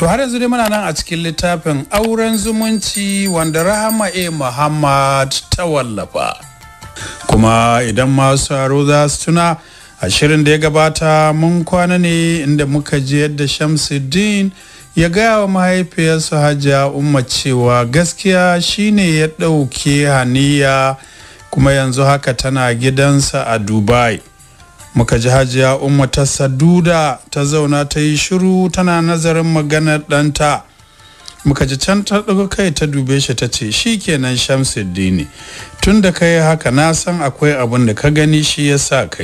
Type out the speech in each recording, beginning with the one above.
To har yanzu dai muna nan a cikin littafin auren zumunci wanda Rahama A. Muhammad ta wallafa. Kuma idan masu haro za su tuna a shirin da ya gabata mun kwana ne inda muka ji yadda Shamsuddin ya gaya wa mahaifiyarsa Hajiya Umma cewa gaskiya shine ya ɗauke haniya kuma yanzu haka tana gidansa a Dubai. muka ji hajiya umma ta saduda ta zauna ta yi shiru tana nazarin magana ɗanta muka ji can ta ɗaga kai ta dube shi ta ce shi kenan shamsuddini tun da ka yi haka na san akwai abin da ka gani shi ya sa ka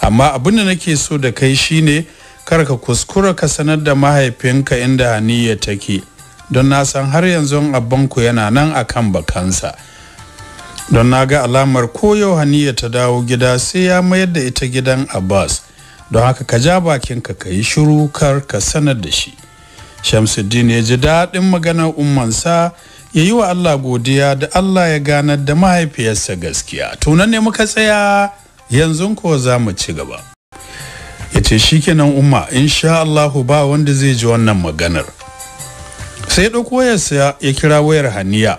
amma abin da nake so da kai shine kar ka kuskura ka sanar da mahaifinka inda haniya take don na san har yanzu abinku yana nan akan bakansa don na ga alamar koyo haniya ta dawo gida sai ya mayar da ita gidan abbas don haka ka ja bakinka ka yi shiru kar ka sanar da shi shamsuddin ya ji daɗin maganar ummansa ya yi wa allah godiya da allah ya ganar da mahaifiyarsa gaskiya tunan ne muka tsaya yanzu ko za mu ci gaba ya ce shi kenan umma insha allahu ba wanda zai ji wannan maganar sai ɗauko ya kira wayar haniya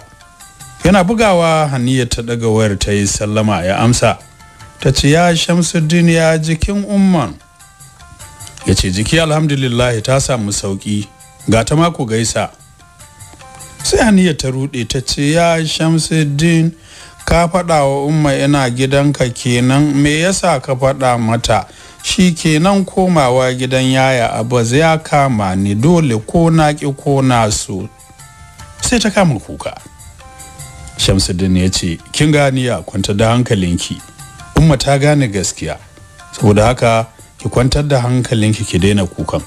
yana bugawa haniya ta daga wayar ta yi sallama ya amsa ta ce ya shamsu ya jikin umman ya ce jiki alhamdulillah ta samu sauki ga ta mako gaisa sai haniya ta rude ta ce ya din ka faɗa wa umma ina gidanka kenan me yasa ka faɗa mata shi kenan komawa gidan yaya abaz ya kama ni dole ko na ki ko na sai ta kama kuka Shamsuddin ya ce kin gani ya kwantar da hankalinki umma ta gane gaskiya saboda haka ki kwantar da hankalinki ki daina kukan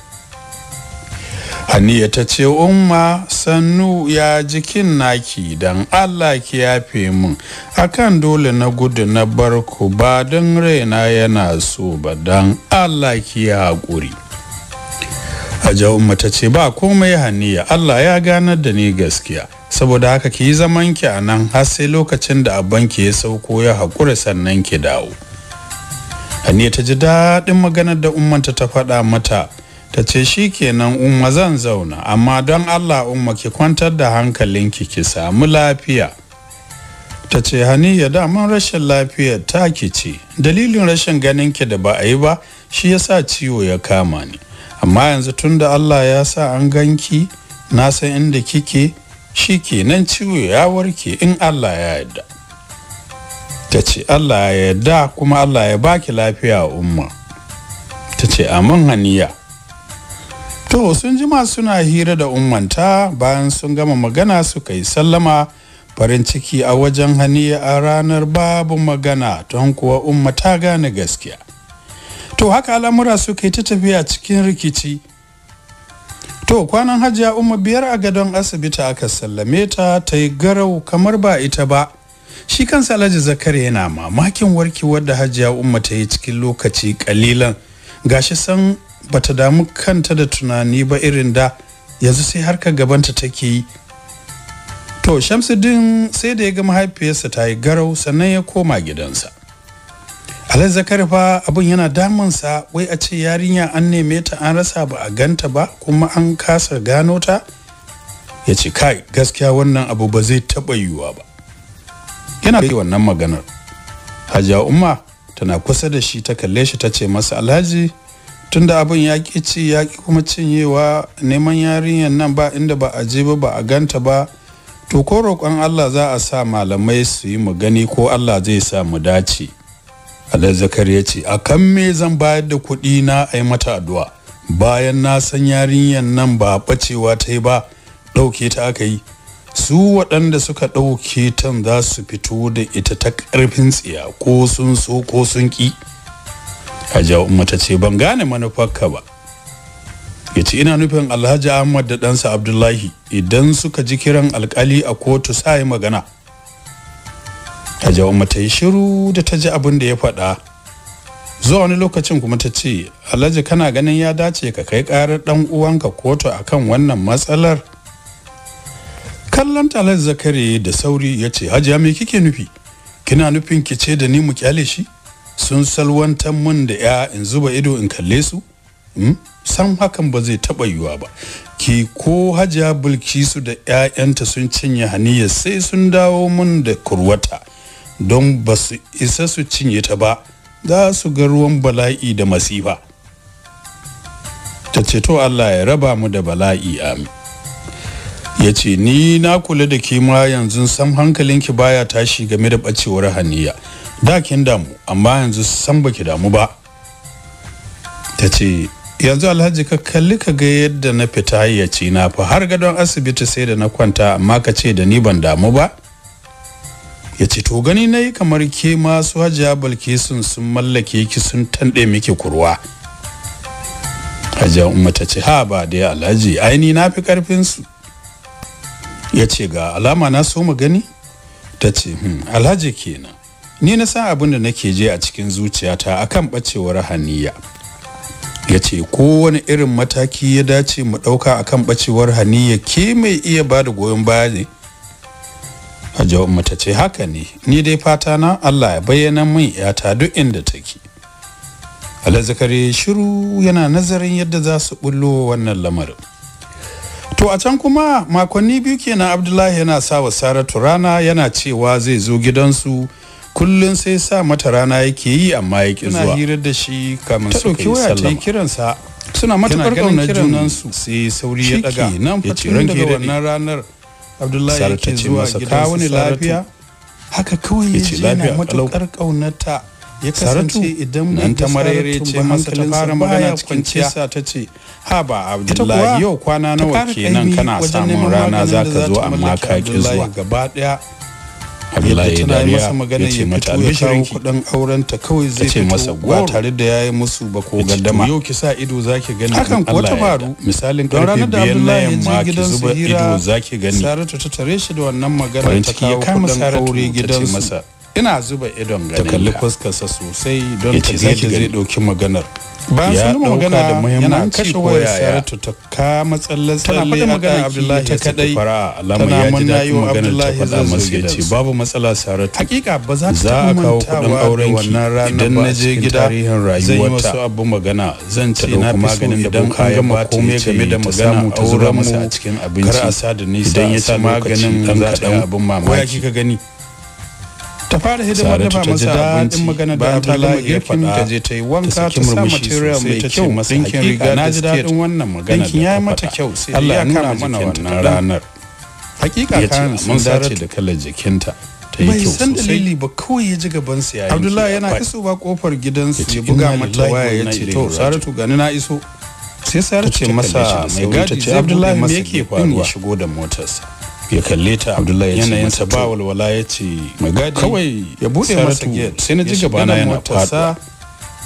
Haniya ta ce umma sannu ya jikin naki dan Allah ki yafe min akan dole na gudu na barku ba don raina yana so ba dan Allah ki ya haƙuri hajja umma ta ce ba komai haniya Allah ya ganar da ni gaskiya saboda haka ki yi zaman ki a nan har sai lokacin da abban ki ya sauko ya haƙura sannan ki dawo haniya ta ji daɗin maganar da ummanta ta faɗa mata ta ce shi kenan umma zan zauna amma don Allah umma ki kwantar da hankalinki ki samu lafiya ta ce haniya daman rashin lafiyar ta ki ce dalilin rashin ganin ki da ba a yi ba shi yasa ciwo ya kama ni amma yanzu tun da Allah ya sa an ganki na san inda kike shi nan ciwo ya warke in Allah ya yarda ta ce Allah ya yarda kuma Allah ya baki lafiya umma ta ce amin haniya to sun jima suna hira da ummanta bayan sun gama magana suka yi sallama farin ciki a wajen haniya a ranar babu magana don kuwa umma ta gane gaskiya to haka al'amura suka yi ta tafiya cikin rikici to kwanan hajiya umma biyar a gadon asibiti aka sallame ta ta yi garau kamar ba ita ba shi kan alhaji zakari yana mamakin warkewar da hajiya umma ta yi cikin lokaci kalilan ga shi san bata damu kanta da tunani ba irin da yanzu sai harka gabanta take yi to shamsuddin sai da ya ga mahaifiyarsa ta yi garau sannan ya koma gidansa Alan Zakari fa abun yana sa wai a ce yarinya an neme ta an rasa ba a ganta ba kuma an kasa gano ta ya ce kai gaskiya wannan abu ba zai taɓa yiwuwa ba. Yana da wannan maganar. Hajiya Umma tana kusa da shi ta kalle shi ta ce masa Alhaji tunda abun ya ki ci ya ki kuma cinyewa neman yarinyar nan ba inda ba a je ba ba a ganta ba to ko roƙon Allah za a sa malamai su yi mu gani ko Allah zai sa mu dace. Allah zakar ya ce a kan me zan bayar da kuɗi na a yi mata addu'a bayan na san yarinyar nan ba ɓacewa ta yi ba ɗauke ta aka yi su waɗanda suka ɗauke ta za su fito da ita ta ƙarfin tsiya ko sun so ko sun ƙi a jawo mata ce ban gane manufarka ba ya ce ina nufin alhaji ahmad da ɗansa abdullahi idan suka ji kiran alkali a kotu sa magana hajjawamma ta yi shiru da ta ji abin da ya faɗa zuwa wani lokacin kuma ta ce alhaji kana ganin ya dace ka kai ƙarar ɗan uwanka kotu a kan wannan matsalar kallon talar zakare da sauri ya ce hajiya me kike nufi kina nufin ki ce da ni mu kyale shi sun salwantar mun da ya in zuba ido in kalle su hmm? san hakan ba zai taɓa yiwuwa ba ki ko hajiya bulkisu da 'ya'yanta sun cinye haniyar sai sun dawo mun da kurwata don ba su isa su cinye ta ba za su ga ruwan bala'i da masifa ta ce to Allah ya raba mu da bala'i amin ya ce ni na kula da kima yanzu sam hankalinki baya tashi game da bacewar haniya da kin damu amma yanzu san baki damu ba ta ce yanzu alhaji ka kalli ka ga yadda na fita ya ce na fa har gadon asibiti sai da na kwanta amma ka ce da ni ban damu ba ya ce to gani na yi kamar ke masu hajiya balkisun sun mallake ki sun tanɗe miki kurwa hajiya umma ta ce ha ba da ya alhaji aini na fi ƙarfinsu ya ce ga alama na so mu gani ta ce hmm, alhaji kenan ni na san abin da nake je a cikin zuciyata akan bacewar haniya ya ce kowane irin mataki ya dace mu ɗauka akan ɓacewar haniya ke mai iya bada goyon baya ne a jawon mata ce haka ne ni dai fata na Allah ya bayyana min yata duk inda take alazakari shiru yana nazarin yadda za su bullo wannan lamarin to a can kuma makonni biyu kenan abdullahi yana sa wa saratu rana yana cewa zai zo gidansu kullum sai sa mata rana yake yi amma ya ki zuwa hirar da shi kamin su kai sallama ta kiransa suna matuƙar ƙaunar junansu sai sauri ya daga nan fa daga wannan ranar abdullahi yake zuwa gida wani lafiya haka kawai ya ce yana matukar kaunata ya kasance idan nan ta marere ce masa ta fara magana cikin kisa ta ce ha ba abdullahi yau kwana nawa kenan kana samun rana ka zo amma ka ki zuwa gaba daya Abdullahi Dariya ya ce mata albishirin kuɗin auren ta kawai zai fito ba tare da yayi musu ba ko gaddama yau ki sa ido zaki gani hakan ko ta faru misalin karfe biyar na yamma ki zuba ido zaki gani Saratu ta tare shi da wannan magana ta kawo kuɗin aure gidansu ina zuba idon gani ta kalli fuskarsa sosai don ta zai ɗauki maganar ba su nuna magana yana kashe wayar saratu ta ka matsalar tsalle a kan abdullahi ta kadai tana manna yi wa abdullahi ce babu matsala saratu hakika ba za ta kawo kudin auren ki rana idan na je gida zan yi wasu abu magana zan ce na fi so idan an gama komai game da magana auren mu kar a sa da nisa idan ya ci maganin dan kaɗan abin mamaki gani fara hidima da ba masa daɗin magana da ta gama girkin ta je ta yi wanka ta sa material mai kyau dinkin riga na ji daɗin wannan magana dinkin ya yi mata kyau sai Allah ya kama mana wannan ranar hakika kan mun dace da kalar jikinta ta yi kyau sosai bai san dalili ba kawai ya ji gaban sa yayin Abdullahi yana isowa kofar gidansa ya buga mata waya ya ce to Saratu gani na iso sai Saratu ce masa mai gadi Abdullahi me yake faruwa shigo da motarsa ya kalle ta abdullahi yanayin sa ba walwala ya ce magadi kawai ya bude masa gate sai na ji gaba na yana fata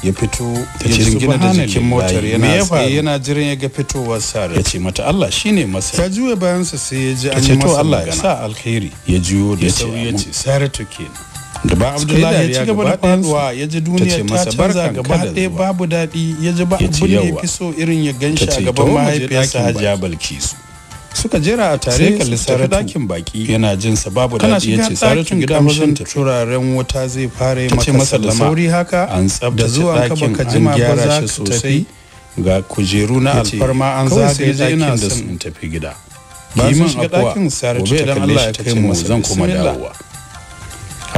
ya fito ya jingina da jikin motar yana tsaye yana jiran ya ga fitowar sa ya ce mata Allah shine masa ta juya bayan sa sai ya ji an yi masa Allah ya sa alkhairi ya juyo da sauri ya ce sare to da ba abdullahi ya ci gaba da faduwa ya ji duniya ta canza gaba ɗaya babu daɗi ya ji ba abin ya fi so irin ya ganshi a gaban mahaifiyarsa hajiya balkisu suka jera a tare kalli saratu dakin baki yana jin sa babu ya ce saratu gida mazan ta turaren wuta zai fara yi maka sallama sauri haka an tsabtace dakin an gyara shi sosai ga kujeru na alfarma an zagaye dakin da sun tafi gida ba su shiga dakin saratu ta kalli shi ta ce mu zan kuma dawowa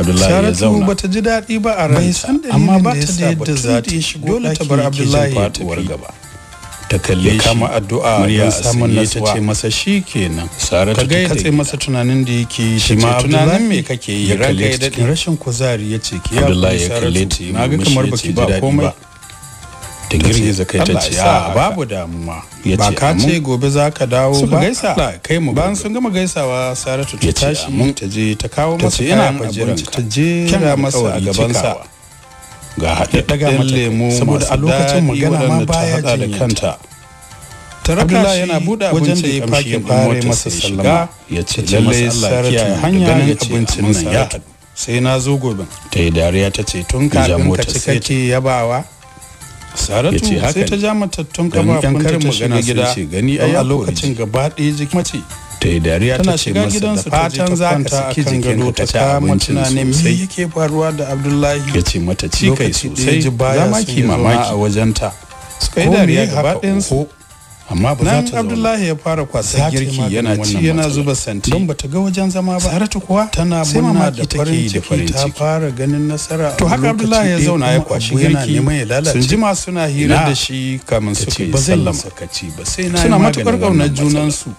Abdullahi ya zauna. bata ji daɗi ba a ranta amma ba ta da yadda za ta shigo dole ta bar Abdullahi ya tafi. ta kalle shi kama addu'a ya samun nasuwa ta ce masa shi kenan saratu ta katse masa tunanin da yake shi ma tunanin me kake yi ranka ya dade rashin kuzari ya ce ki ya Allah ya kalle ta na ga kamar baki ba komai ta girgiza kai ta ce a babu damuwa ba ka ce gobe za ka dawo ba gaisa kai mu ba sun gama gaisawa saratu ta tashi ta je ta kawo masa kayan abinci ta jera masa a sa ga haɗaɗɗen lemo saboda a lokacin magana ma baya da kanta Abdullahi yana buɗe wajen da ya fage bare masa sallama ya ce lallai saratu hanya ya ce abincin nan ya sai na zo gobe ta yi dariya ta ce tun kafin ka ci kake yabawa saratu sai ta ja matattun magana ta shiga gida a lokacin gaba ɗaya jiki mace ta yi dariya ta ce masa da fatan za ka saki jikin ka ta abincin sosai yake faruwa da abdullahi ya ce mata ci kai sosai zama ki mamaki a wajenta suka yi dariya gaba ɗayansu amma ba za ta Abdullahi ya fara kwasa girki yana ci yana zuba santi don ba ta ga wajen zama ba Saratu kuwa tana murna da farin ciki ta fara ganin nasara to haka Abdullahi ya zauna ya kwashi girki neman ya lalace sun jima suna hira da shi kamin su yi sallama suna matukar kaunar junansu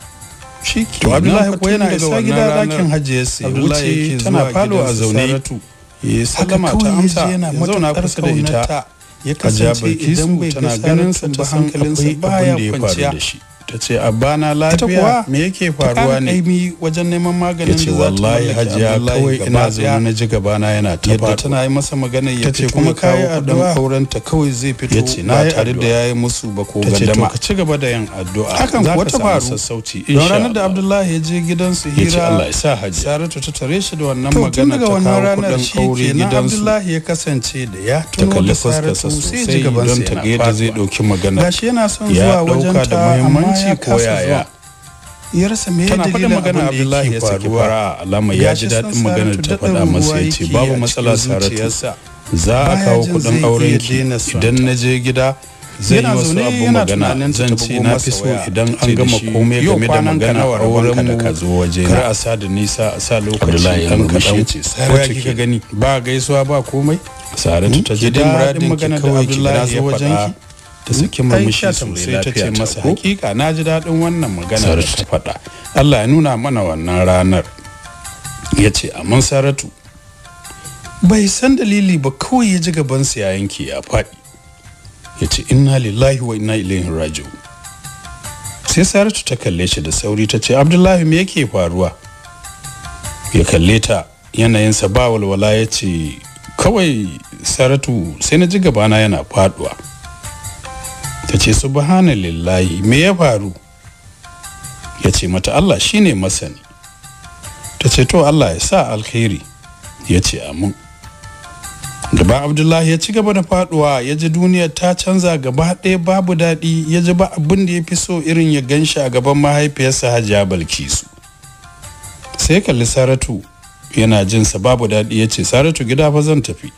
shi ke abdullahi ko yana isa gida dakin hajji ya wuce tana falo a zaune ya sallama ta amsa ya zauna kusa da ita ya kasance idan bai ga ganin sa ta ba ya kwanciya da ta ce bana lafiya me yake faruwa ne wajen neman maganin da wallahi hajiya kawai ina na ji gabana yana ta yadda tana yi masa magana ya ce kuma kayi addu'a kauran ta kawai zai fito ya ce na tare da yayi musu ba ko gandama ka ci gaba da yin addu'a hakan ko ta faru don ranar da Abdullahi ya je gidansu hira sa Saratu ta tare shi da wannan magana ta kawo kudin aure gidansu Abdullahi ya kasance da ya tuno da Saratu sai ji gaban sa ta ga zai dauki gashi yana son zuwa wajen ta da ci ko yaya ya rasa me ya dalilin abin Abdullahi ya saki fara alama ya ji daɗin maganar ta faɗa masa ya ce babu matsala saratu za a kawo kuɗin auren ki idan na je gida zai yi wasu abu magana zan ce na fi so idan an gama komai game da magana a auren mu ka zo waje kar a sa da nisa a sa lokaci kan kaɗan ko ya kika gani ba gaisuwa ba komai saratu ta ji daɗin maganar da Abdullahi ya faɗa ta saki murmushi sosai ta ce masa hakika na ji daɗin wannan magana da ta faɗa Allah ya nuna mana wannan ranar ya ce amin saratu bai san dalili ba kawai ya ji gabansa ya yanke ya faɗi ya ce inna lillahi wa inna ilaihi raji'un sai saratu ta kalle shi da sauri ta ce abdullahi me yake faruwa ya kalle ta yanayinsa ba walwala ya ce kawai saratu sai na ji gabana yana faduwa ta ce subhanallahi me ya faru ya ce mata Allah shine masani ta ce to Allah ya sa alkhairi ya ce amin gaba abdullahi ya ci gaba da faduwa ya ji duniya ta canza gaba ɗaya babu daɗi ya ji ba abin da ya fi so irin ya gan shi a gaban mahaifiyarsa hajiya balkisu sai kalli saratu yana jinsa babu daɗi ya ce saratu gida fa zan tafi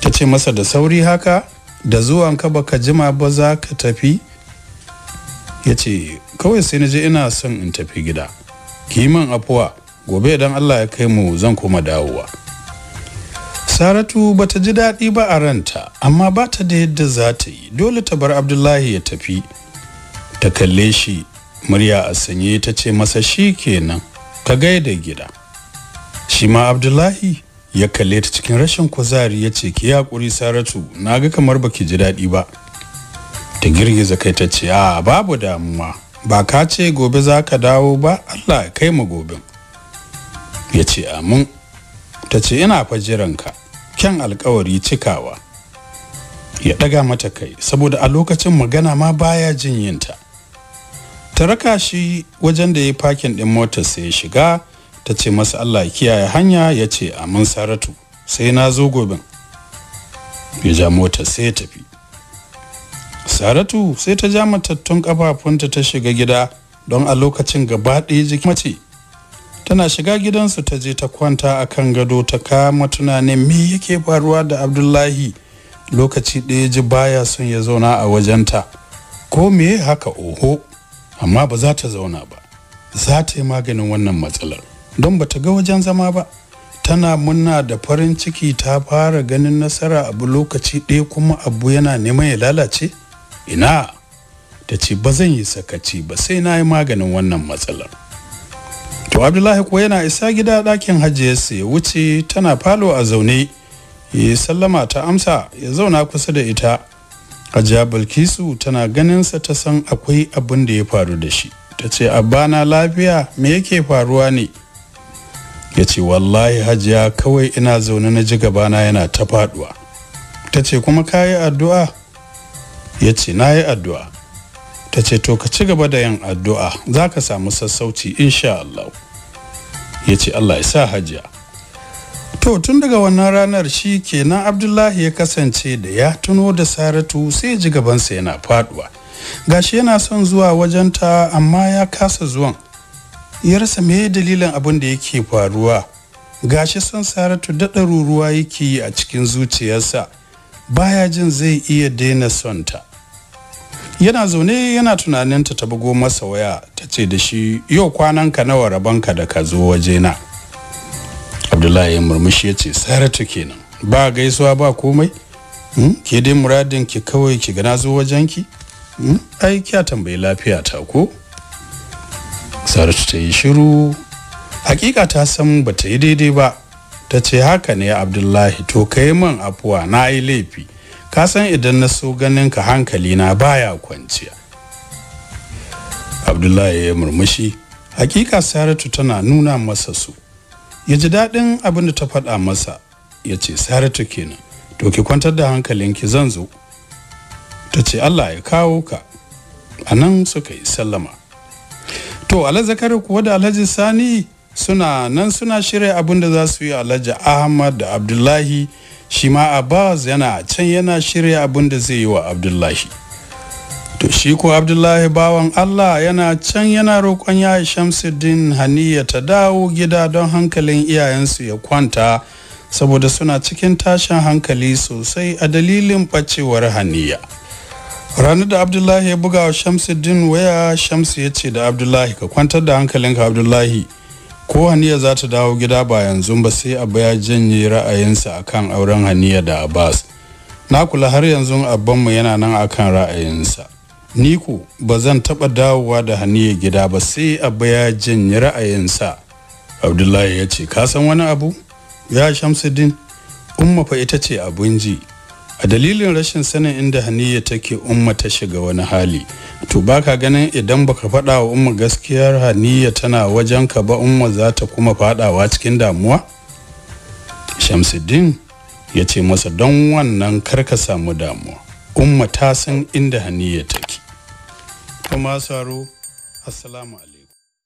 ta ce masa da sauri haka da zuwan ka baka jima ba za ka tafi ya ce kawai sai na je ina son in tafi gida kiman afuwa gobe idan allah ya kai mu zan kuma dawowa saratu bata ji daɗi ba a ranta amma ba ta da yadda za ta yi dole ta bar abdullahi ya tafi ta kalle shi murya a sanye ta ce masa shi kenan ka gaida gida shi ma abdullahi ya kalle ta cikin rashin kuzari ya ce ki hakuri saratu na ga kamar baki ji daɗi ba ta girgiza kai ta ce a babu damuwa ba ka ce gobe za ka dawo ba allah ya kai mu gobe ya ce amin ta ce ina fa jiranka kyan alkawari cikawa ya ɗaga mata kai saboda a lokacin magana ma baya jin yinta ta raka shi wajen da ya fakin ɗin sai ya shiga ta ce masa Allah ya kiyaye hanya ya ce amin saratu sai na zo gobin ya ja mota sai ya tafi saratu sai ta ja matattun kafafunta ta shiga gida don a lokacin gaba ɗaya jiki mace tana shiga gidansu ta je ta kwanta a kan gado ta kama tunanin me yake faruwa da abdullahi lokaci ɗaya ji baya son ya zauna a wajenta ko me haka oho amma ba za ta zauna ba za ta yi maganin wannan matsalar don ba ta ga wajen zama ba tana munna da farin ciki ta fara ganin nasara abu lokaci ɗaya kuma abu yana neman ya lalace ina ta ce ba zan yi sakaci ba sai na yi maganin wannan matsalar to abdullahi kuwa yana isa gida ɗakin hajjiyarsa ya wuce tana falo a zaune ya sallama ta amsa ya zauna kusa da ita hajiya bilkisu tana ganinsa ta san akwai abin da ya faru da shi ta ce abana lafiya me yake faruwa ne ya ce wallahi hajiya kawai ina zaune na ji gabana yana ta faduwa ta ce kuma ka yi addu'a ya ce na yi addu'a ta ce to ka ci gaba da yin addu'a za ka samu sassauci insha Allah ya ce Allah ya sa hajiya to tun daga wannan ranar shi kenan abdullahi ya kasance da ya tuno da saratu sai ji gabansa yana faduwa gashi yana son zuwa wajenta amma ya kasa zuwan ya rasa me dalilin abin da yake faruwa gashi son saratu daɗa ruruwa yake yi a cikin zuciyarsa baya jin zai iya daina sonta yana zaune yana tunaninta ta bugo masa waya ta ce da shi yau kwanan ka nawa rabanka da ka zo wajena abdullahi ya murmushi ya ce saratu kenan ba gaisuwa ba komai hmm? ke dai muradin ki kawai ki gana zo wajenki hmm? ai kya tambayi lafiya ta ko saratu ta yi shiru hakika ta san ba ta yi daidai ba ta ce haka ne abdullahi to ka yi man afuwa na yi laifi ka san idan na so ganin ka hankali na baya kwanciya abdullahi ya murmushi hakika saratu tana nuna masa su ya ji daɗin abin da ta faɗa masa ya ce saratu kenan to ki kwantar da hankalin ki zan zo ta ce allah ya kawo ka a nan suka yi sallama to alhaji zakari kuwa da alhaji sani suna nan suna shirya abin da za su yi alhaji ahmad da abdullahi shi ma abbas yana can yana shirya abin da zai yi wa abdullahi to shi ko abdullahi bawan allah yana can yana roƙon ya shamsuddin haniya ta dawo gida don hankalin iyayensu ya kwanta saboda suna cikin tashin hankali sosai a dalilin ɓacewar haniya ranar da abdullahi ya buga wa shamsuddin waya shamsu ya ce da abdullahi ka kwantar da hankalinka abdullahi ko haniya za ta dawo gida ba yanzu ba sai abu ya janye ra'ayinsa a kan auren haniya da abbas na kula har yanzu abbanmu yana nan akan ra'ayinsa ni ku ba zan taɓa dawowa da haniya gida ba sai abu ya janye ra'ayinsa abdullahi ya ce ka san wani abu ya shamsuddin umma fa ita ce abun ji a dalilin rashin sanin inda haniya take umma ta shiga wani hali to baka ganin idan baka faɗa wa umma gaskiyar haniya tana wajen ka ba umma za ta kuma faɗawa cikin damuwa shamsuddin ya ce masa don wannan karka samu damuwa umma ta san inda haniya take kuma saro assalamu alaikum